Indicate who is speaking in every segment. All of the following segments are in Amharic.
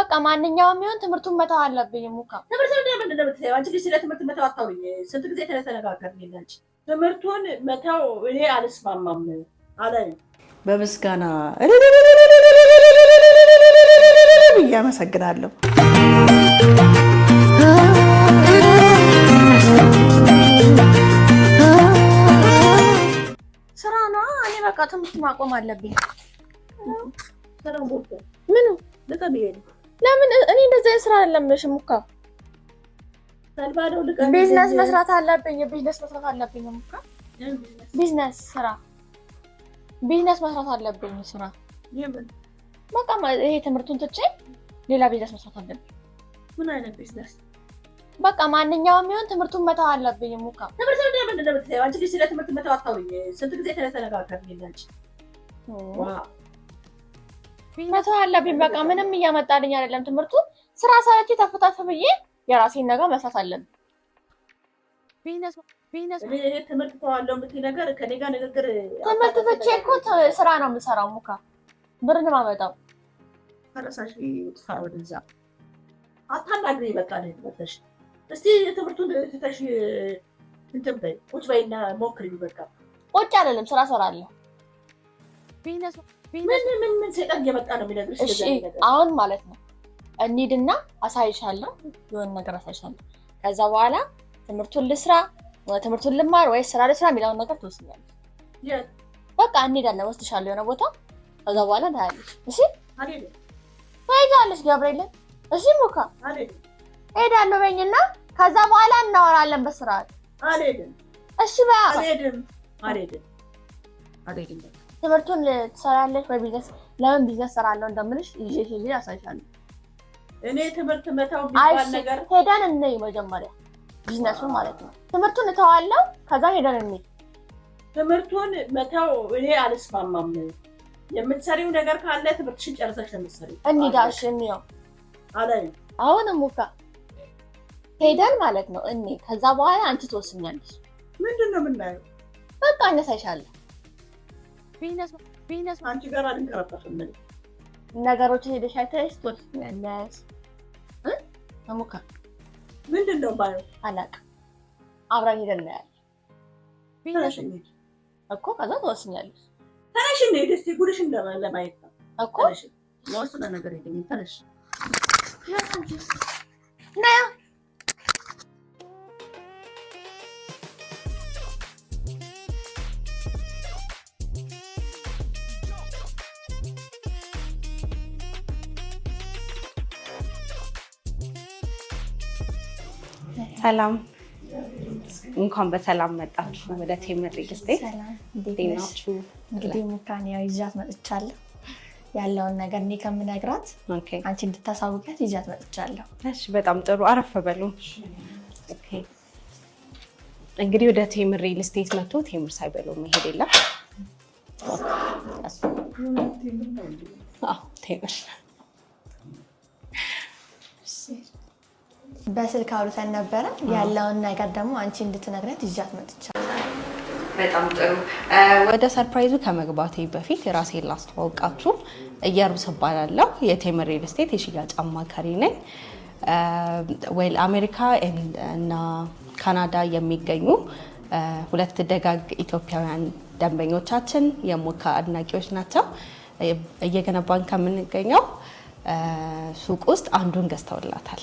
Speaker 1: በቃ ማንኛውም የሚሆን ትምህርቱን መተው አለብኝ። ሙካ
Speaker 2: ትምህርት ምንድን ነው የምትይው ስለ ትምህርት መተው አታውሪኝ። ስንት ጊዜ ተነጋገርን። አንቺ ትምህርቱን መተው እኔ አልስማማም አለ
Speaker 3: በምስጋና ብዬ አመሰግናለሁ።
Speaker 1: ስራ ነዋ። እኔ በቃ ትምህርት ማቆም አለብኝ። ምኑ በጣም ይሄ ለምን እኔ እንደዚህ ስራ አልለምሽም ሙካ ቢዝነስ መስራት አለብኝ። ቢዝነስ መስራት አለብኝ ሙካ ቢዝነስ ስራ ቢዝነስ መስራት አለብኝ። ስራ በቃ ይሄ ትምህርቱን ትቼ ሌላ ቢዝነስ መስራት አለብኝ።
Speaker 2: ምን አይነት ቢዝነስ?
Speaker 1: በቃ ማንኛውም ቢሆን ትምህርቱን መተው አለብኝ። ሙካ
Speaker 2: ትምህርት ምንድን ነው? ምንድን ነው የምትለኝ አንቺ? ስለ ትምህርት መተው አታውሪኝ። ስንት ጊዜ ተነጋገርን?
Speaker 1: መተው አለብኝ። በቃ ምንም እያመጣልኝ አይደለም ትምህርቱ። ስራ ሰረች ተፍታፍ ብዬ የራሴን ነገር መስራት አለብኝ። ትምህርት ትቼ እኮ ስራ ነው የምሰራው። ሙካ ብር ነው የማመጣው።
Speaker 2: በቃ እስቲ ትምህርቱን ትተሽ እንትን በይ ቁጭ በይና ሞክሪ። በቃ
Speaker 1: ቁጭ አይደለም ስራ ሰራለሁ። አሁን ማለት ነው እንሂድና አሳይሻለሁ፣ የሆነ ነገር አሳይሻለሁ። ከዛ በኋላ ትምህርቱን ልስራ ትምህርቱን ልማር ወይ ስራ ልስራ የሚለውን ነገር ትወስኛለሽ። በቃ እንሄዳለን፣ ወስድሻለሁ የሆነ ቦታ። ከዛ በኋላ ታያለሽ። እሺ ትሄጃለሽ ገብርኤልን። እሺ ሙካ ሄዳለሁ በኝና ከዛ በኋላ እናወራለን በስርዓት። እሺ በያ
Speaker 2: አልሄድም አልሄድም አልሄድም
Speaker 1: ትምህርቱን ትሰራለች ወይ ቢዝነስ? ለምን ቢዝነስ ሰራለሁ እንደምልሽ ይዤሽ ሄጄ አሳይሻለሁ።
Speaker 2: እኔ ትምህርት መታው ቢባል ነገር
Speaker 1: ሄደን እንይ መጀመሪያ ቢዝነሱን ማለት ነው። ትምህርቱን እተዋለሁ፣ ከዛ ሄደን እንይ።
Speaker 2: ትምህርቱን መታው እኔ አልስማማም። የምትሰሪው ነገር ካለ ትምህርትሽን ጨርሰሽ ነው የምትሰሪው።
Speaker 1: እንሂዳ። እሺ እንየው አለኝ። አሁን ሙካ ሄደን ማለት ነው እኔ ከዛ በኋላ አንቺ ትወስኛለሽ።
Speaker 2: ምንድን ነው የምናየው?
Speaker 1: በቃ እነሳይሻለሁ
Speaker 2: አንቺ ጋር አልንቀረጠፍም።
Speaker 1: ነገሮችን ሄደሽ አይተሽ ትወስኛለሽ። ሙከር
Speaker 2: ምንድን ነው ባየው
Speaker 1: አላውቅም። አብረን ሄደን
Speaker 2: እናያለን
Speaker 1: እኮ ከዛ ትወስኛለሽ።
Speaker 2: ተነሽ እንሂድ እስኪ ጉድሽን ለማየት ነው እኮ። የወሰነ ነገር የለኝም። ተነሽ
Speaker 1: ና
Speaker 4: ሰላም እንኳን በሰላም መጣችሁ ወደ ቴምር ሪል እስቴት።
Speaker 5: ናችሁ እንግዲህ ሙካን ያው ይዣት መጥቻለሁ። ያለውን ነገር እኔ ከምነግራት አንቺ እንድታሳውቂያት ይዣት መጥቻለሁ።
Speaker 4: እሺ፣ በጣም ጥሩ አረፍ በሉ። እንግዲህ ወደ ቴምር ሪል እስቴት መጥቶ ቴምር ሳይበሉ መሄድ የለም። ቴምር
Speaker 5: በስልክ አውርተን ነበረ። ያለውን ነገር ደግሞ አንቺ እንድትነግረት ይዣት መጥቻለሁ።
Speaker 6: በጣም ጥሩ። ወደ ሰርፕራይዙ ከመግባቴ በፊት ራሴን ላስተዋውቃችሁ። እየሩስ እባላለሁ። የቴምር ሪል ስቴት የሽያጭ አማካሪ ነኝ። ወይል አሜሪካ እና ካናዳ የሚገኙ ሁለት ደጋግ ኢትዮጵያውያን ደንበኞቻችን የሞካ አድናቂዎች ናቸው። እየገነባን ከምንገኘው ሱቅ ውስጥ አንዱን ገዝተውላታል።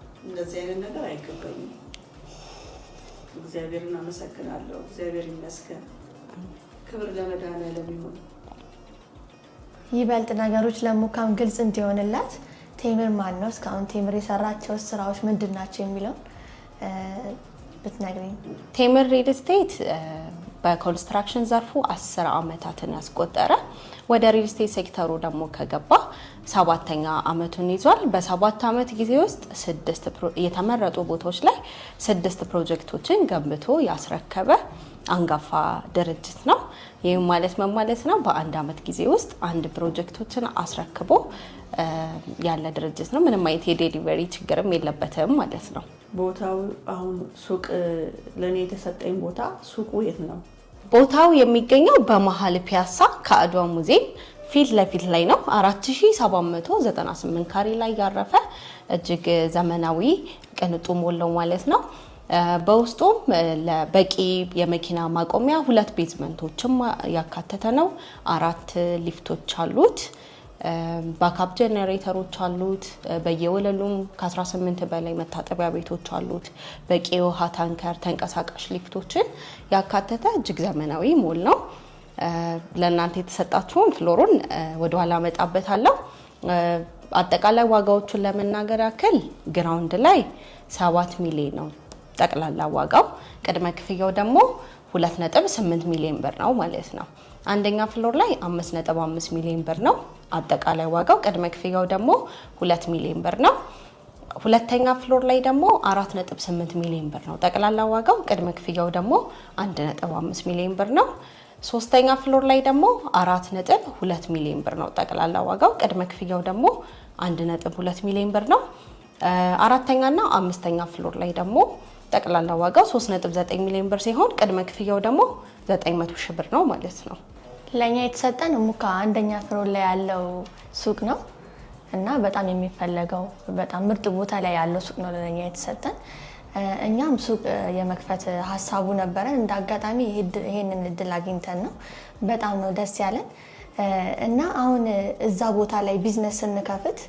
Speaker 7: እንደዚህ አይነት ነገር አይገባኝም። እግዚአብሔርን አመሰግናለሁ። እግዚአብሔር ይመስገን። ክብር ለመድኃኒዓለም ይሁን።
Speaker 5: ይበልጥ ነገሮች ለሙካም ግልጽ እንዲሆንላት ቴምር ማን ነው፣ እስካሁን ቴምር የሰራቸው ስራዎች ምንድን ናቸው የሚለውን ብትነግሪኝ።
Speaker 4: ቴምር ሪል ስቴት በኮንስትራክሽን ዘርፉ አስር ዓመታትን ያስቆጠረ ወደ ሪልስቴት ሴክተሩ ደግሞ ከገባ ሰባተኛ አመቱን ይዟል። በሰባት አመት ጊዜ ውስጥ ስድስት የተመረጡ ቦታዎች ላይ ስድስት ፕሮጀክቶችን ገንብቶ ያስረከበ አንጋፋ ድርጅት ነው። ይህም ማለት ምን ማለት ነው? በአንድ አመት ጊዜ ውስጥ አንድ ፕሮጀክቶችን አስረክቦ ያለ ድርጅት ነው። ምንም አይነት የዴሊቨሪ ችግርም የለበትም ማለት ነው።
Speaker 7: ቦታው አሁን ሱቅ ለእኔ የተሰጠኝ ቦታ ሱቁ የት ነው?
Speaker 4: ቦታው የሚገኘው በመሀል ፒያሳ ከአድዋ ሙዚየም ፊት ለፊት ላይ ነው። 4798 ካሬ ላይ ያረፈ እጅግ ዘመናዊ ቅንጡ ሞላው ማለት ነው። በውስጡም ለበቂ የመኪና ማቆሚያ ሁለት ቤዝመንቶችም ያካተተ ነው። አራት ሊፍቶች አሉት። ባካፕ ጀኔሬተሮች አሉት። በየወለሉም ከ18 በላይ መታጠቢያ ቤቶች አሉት። በቂ የውሃ ታንከር፣ ተንቀሳቃሽ ሊፍቶችን ያካተተ እጅግ ዘመናዊ ሞል ነው። ለእናንተ የተሰጣችሁን ፍሎሩን ወደኋላ እመጣበታለሁ። አጠቃላይ ዋጋዎቹን ለመናገር ያክል ግራውንድ ላይ ሰባት ሚሊዮን ነው ጠቅላላ ዋጋው። ቅድመ ክፍያው ደግሞ 2.8 ሚሊዮን ብር ነው ማለት ነው። አንደኛ ፍሎር ላይ 5.5 ሚሊዮን ብር ነው አጠቃላይ ዋጋው። ቅድመ ክፍያው ደግሞ 2 ሚሊዮን ብር ነው። ሁለተኛ ፍሎር ላይ ደግሞ 4.8 ሚሊዮን ብር ነው ጠቅላላ ዋጋው። ቅድመ ክፍያው ደግሞ 1.5 ሚሊዮን ብር ነው። ሶስተኛ ፍሎር ላይ ደግሞ 4.2 ሚሊዮን ብር ነው ጠቅላላ ዋጋው። ቅድመ ክፍያው ደግሞ 1.2 ሚሊዮን ብር ነው። አራተኛና አምስተኛ ፍሎር ላይ ደግሞ ጠቅላላ ዋጋው 3.9 ሚሊዮን ብር ሲሆን ቅድመ ክፍያው ደግሞ 900 ሺህ ብር ነው ማለት ነው።
Speaker 5: ለእኛ የተሰጠን ሙካ አንደኛ ፍሮ ላይ ያለው ሱቅ ነው እና በጣም የሚፈለገው በጣም ምርጥ ቦታ ላይ ያለው ሱቅ ነው ለእኛ የተሰጠን። እኛም ሱቅ የመክፈት ሀሳቡ ነበረን። እንደ አጋጣሚ ይሄንን እድል አግኝተን ነው በጣም ነው ደስ ያለን እና አሁን እዛ ቦታ ላይ ቢዝነስ ስንከፍት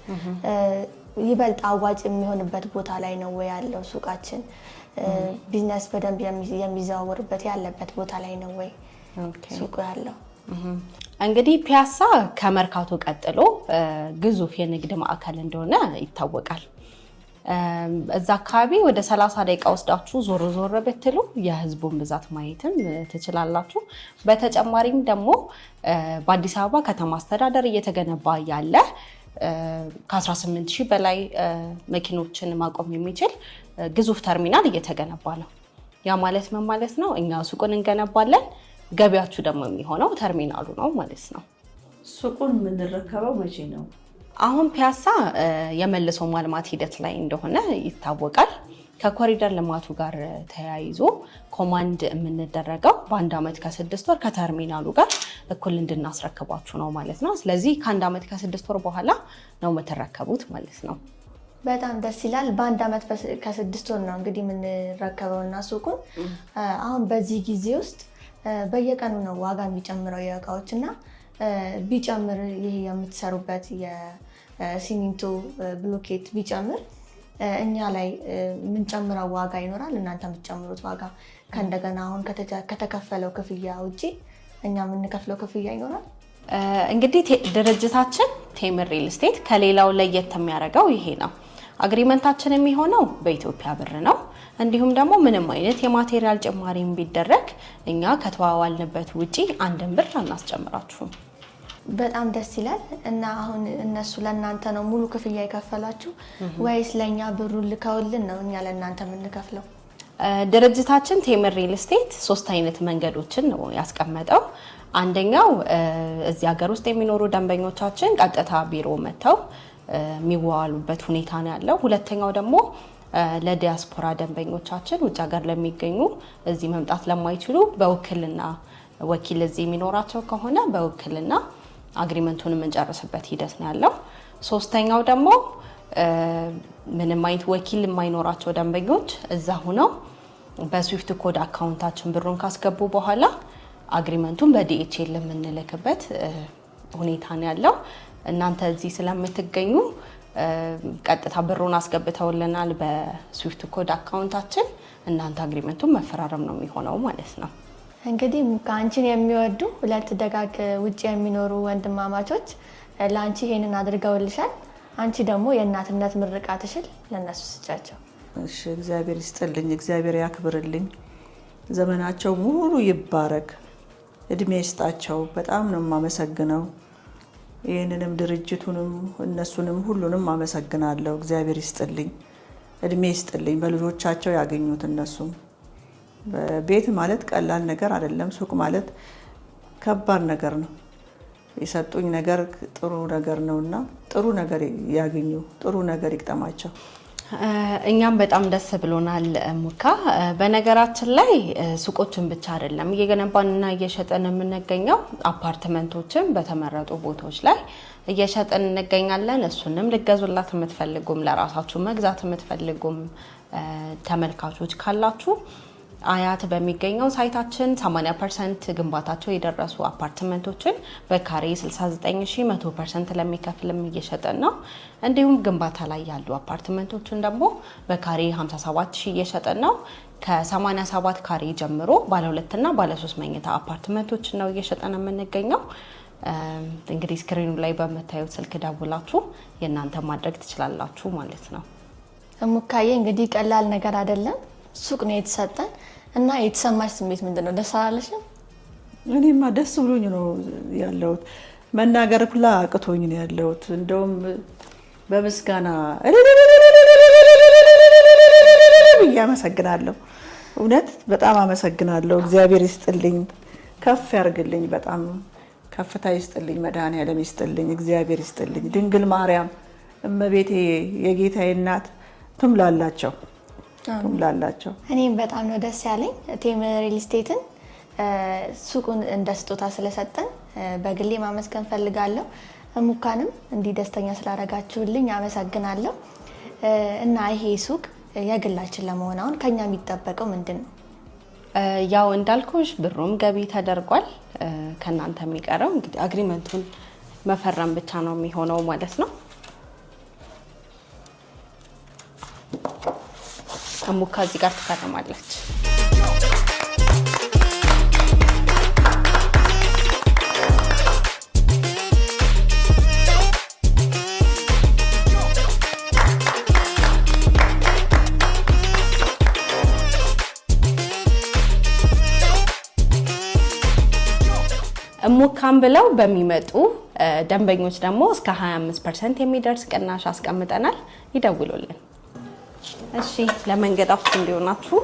Speaker 5: ይበልጥ አዋጭ የሚሆንበት ቦታ ላይ ነው ያለው ሱቃችን። ቢዝነስ በደንብ የሚዘዋወርበት ያለበት ቦታ ላይ ነው ወይ ሱቁ ያለው?
Speaker 4: እንግዲህ ፒያሳ ከመርካቶ ቀጥሎ ግዙፍ የንግድ ማዕከል እንደሆነ ይታወቃል። እዛ አካባቢ ወደ 30 ደቂቃ ወስዳችሁ ዞር ዞር ብትሉ የህዝቡን ብዛት ማየትም ትችላላችሁ። በተጨማሪም ደግሞ በአዲስ አበባ ከተማ አስተዳደር እየተገነባ ያለ ከ18 ሺህ በላይ መኪኖችን ማቆም የሚችል ግዙፍ ተርሚናል እየተገነባ ነው። ያ ማለት ምን ማለት ነው? እኛ ሱቁን እንገነባለን፣ ገቢያችሁ ደግሞ የሚሆነው ተርሚናሉ ነው ማለት ነው።
Speaker 7: ሱቁን የምንረከበው መቼ ነው?
Speaker 4: አሁን ፒያሳ የመልሶ ማልማት ሂደት ላይ እንደሆነ ይታወቃል። ከኮሪደር ልማቱ ጋር ተያይዞ ኮማንድ የምንደረገው በአንድ ዓመት ከስድስት ወር ከተርሚናሉ ጋር እኩል እንድናስረክባችሁ ነው ማለት ነው። ስለዚህ ከአንድ ዓመት ከስድስት ወር በኋላ ነው የምትረከቡት ማለት ነው።
Speaker 5: በጣም ደስ ይላል። በአንድ አመት ከስድስት ወር ነው እንግዲህ የምንረከበው እና ሱቁን አሁን በዚህ ጊዜ ውስጥ በየቀኑ ነው ዋጋ የሚጨምረው የእቃዎች እና ቢጨምር ይሄ የምትሰሩበት የሲሚንቶ ብሎኬት ቢጨምር እኛ ላይ የምንጨምረው ዋጋ ይኖራል፣ እናንተ የምትጨምሩት ዋጋ ከእንደገና አሁን ከተከፈለው ክፍያ ውጪ እኛ የምንከፍለው ክፍያ ይኖራል።
Speaker 4: እንግዲህ ድርጅታችን ቴምር ሪል ስቴት ከሌላው ለየት የሚያደርገው ይሄ ነው። አግሪመንታችን የሚሆነው በኢትዮጵያ ብር ነው። እንዲሁም ደግሞ ምንም አይነት የማቴሪያል ጭማሪም ቢደረግ እኛ ከተዋዋልንበት ውጪ አንድን ብር አናስጨምራችሁም።
Speaker 5: በጣም ደስ ይላል። እና አሁን እነሱ ለእናንተ ነው ሙሉ ክፍያ የከፈላችሁ ወይስ ለእኛ ብሩን ልከውልን ነው እኛ ለእናንተ የምንከፍለው?
Speaker 4: ድርጅታችን ቴምር ሪል ስቴት ሶስት አይነት መንገዶችን ነው ያስቀመጠው። አንደኛው እዚህ ሀገር ውስጥ የሚኖሩ ደንበኞቻችን ቀጥታ ቢሮ መጥተው የሚዋዋሉበት ሁኔታ ነው ያለው። ሁለተኛው ደግሞ ለዲያስፖራ ደንበኞቻችን ውጭ ሀገር ለሚገኙ እዚህ መምጣት ለማይችሉ በውክልና ወኪል እዚህ የሚኖራቸው ከሆነ በውክልና አግሪመንቱን የምንጨርስበት ሂደት ነው ያለው። ሶስተኛው ደግሞ ምንም አይነት ወኪል የማይኖራቸው ደንበኞች እዛ ሁነው በስዊፍት ኮድ አካውንታችን ብሩን ካስገቡ በኋላ አግሪመንቱን በዲኤችኤል የምንልክበት ሁኔታ ነው ያለው። እናንተ እዚህ ስለምትገኙ ቀጥታ ብሩን አስገብተውልናል በስዊፍት ኮድ አካውንታችን። እናንተ አግሪመንቱን መፈራረም ነው የሚሆነው ማለት ነው።
Speaker 5: እንግዲህ አንቺን የሚወዱ ሁለት ደጋግ ውጭ የሚኖሩ ወንድማማቾች ለአንቺ ይሄንን አድርገውልሻል። አንቺ ደግሞ የእናትነት ምርቃትሽን ለእነሱ ስጫቸው።
Speaker 7: እሺ፣ እግዚአብሔር ይስጥልኝ፣ እግዚአብሔር ያክብርልኝ፣ ዘመናቸው ሙሉ ይባረክ፣ እድሜ ይስጣቸው። በጣም ነው የማመሰግነው። ይህንንም ድርጅቱንም እነሱንም ሁሉንም አመሰግናለሁ። እግዚአብሔር ይስጥልኝ፣ እድሜ ይስጥልኝ። በልጆቻቸው ያገኙት እነሱም ቤት ማለት ቀላል ነገር አይደለም። ሱቅ ማለት ከባድ ነገር ነው። የሰጡኝ ነገር ጥሩ ነገር ነው እና ጥሩ ነገር ያገኙ፣ ጥሩ ነገር ይቅጠማቸው።
Speaker 4: እኛም በጣም ደስ ብሎናል ሙካ። በነገራችን ላይ ሱቆችን ብቻ አይደለም እየገነባንና እየሸጠን የምንገኘው አፓርትመንቶችን በተመረጡ ቦታዎች ላይ እየሸጥን እንገኛለን። እሱንም ልገዙላት የምትፈልጉም ለራሳችሁ መግዛት የምትፈልጉም ተመልካቾች ካላችሁ አያት በሚገኘው ሳይታችን 80 ፐርሰንት ግንባታቸው የደረሱ አፓርትመንቶችን በካሬ 69 ፐርሰንት ለሚከፍልም እየሸጠን ነው። እንዲሁም ግንባታ ላይ ያሉ አፓርትመንቶችን ደግሞ በካሬ 57 እየሸጠን ነው። ከ87 ካሬ ጀምሮ ባለ ሁለትና ባለ ሶስት መኝታ አፓርትመንቶችን ነው እየሸጠን የምንገኘው። እንግዲህ ስክሪኑ ላይ በምታዩት ስልክ ደውላችሁ የእናንተ ማድረግ ትችላላችሁ ማለት ነው።
Speaker 5: እሙካዬ እንግዲህ ቀላል ነገር አይደለም። ሱቅ ነው የተሰጠን። እና የተሰማሽ ስሜት ምንድን ነው? ደስ አላለሽም?
Speaker 7: እኔማ ደስ ብሎኝ ነው ያለሁት። መናገር ሁላ አቅቶኝ ነው ያለሁት። እንደውም በምስጋና ብዬ አመሰግናለሁ። እውነት በጣም አመሰግናለሁ። እግዚአብሔር ይስጥልኝ፣ ከፍ ያርግልኝ፣ በጣም ከፍታ ይስጥልኝ፣ ያለም ይስጥልኝ፣ እግዚአብሔር ይስጥልኝ። ድንግል ማርያም እመቤቴ የጌታዬ እናት ትምላላቸው ላላቸው
Speaker 5: እኔም በጣም ነው ደስ ያለኝ ቴም ሪል ስቴትን ሱቁን እንደ ስጦታ ስለሰጠን በግሌ ማመስገን ፈልጋለሁ። ሙካንም እንዲህ ደስተኛ ስላደረጋችሁልኝ አመሰግናለሁ። እና ይሄ ሱቅ የግላችን ለመሆን አሁን ከኛ የሚጠበቀው ምንድን ነው?
Speaker 4: ያው እንዳልኩሽ ብሩም ገቢ ተደርጓል። ከእናንተ የሚቀረው እንግዲህ አግሪመንቱን መፈረም ብቻ ነው የሚሆነው ማለት ነው። አሙካ እዚህ ጋር ትፈርማለች። እሙካም ብለው በሚመጡ ደንበኞች ደግሞ እስከ 25 ፐርሰንት የሚደርስ ቅናሽ አስቀምጠናል። ይደውሉልን። እሺ ለመንገዳችሁ እንዲሆናችሁ